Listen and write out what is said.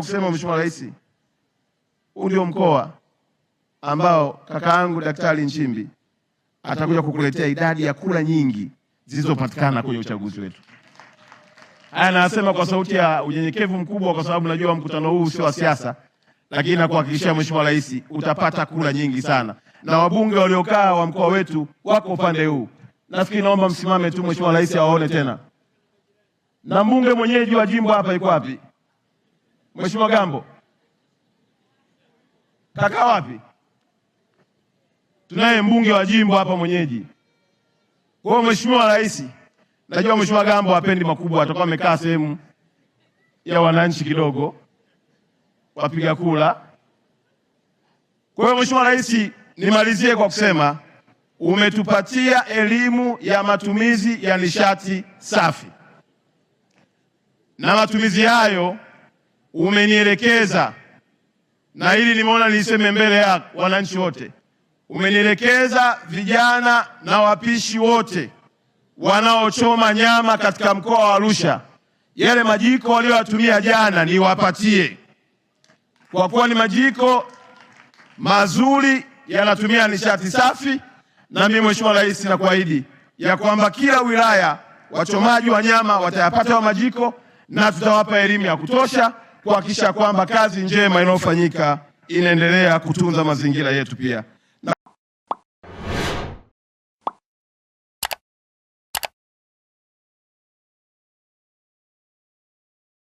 Kusema Mheshimiwa Rais, huu ndio mkoa ambao kaka yangu Daktari Nchimbi atakuja kukuletea idadi ya kura nyingi zilizopatikana kwenye uchaguzi wetu. Haya anasema kwa sauti ya unyenyekevu mkubwa, kwa sababu najua mkutano huu sio wa siasa, lakini nakuhakikishia Mheshimiwa Rais utapata kura nyingi sana, na wabunge waliokaa wa mkoa wetu wako upande huu. Nafikiri naomba msimame tu, Mheshimiwa Rais awaone tena, na mbunge mwenyeji wa jimbo hapa iko wapi? Mheshimiwa Gambo kakaa wapi? Tunaye mbunge wa jimbo hapa mwenyeji. Kwa hiyo Mheshimiwa Rais, najua Mheshimiwa Gambo hapendi makubwa, atakuwa amekaa sehemu ya wananchi kidogo, wapiga kula. Kwa hiyo Mheshimiwa Rais, nimalizie kwa kusema umetupatia elimu ya matumizi ya nishati safi na matumizi hayo umenielekeza, na hili nimeona niliseme mbele ya wananchi wote, umenielekeza vijana na wapishi wote wanaochoma nyama katika mkoa wa Arusha, yale majiko waliyoyatumia jana niwapatie, kwa kuwa ni majiko mazuri, yanatumia nishati safi. Na mimi Mheshimiwa Rais, nakuahidi ya kwamba kila wilaya wachomaji wa nyama watayapata wa majiko na tutawapa elimu ya kutosha kuhakikisha kwamba kazi njema inayofanyika inaendelea kutunza mazingira yetu pia.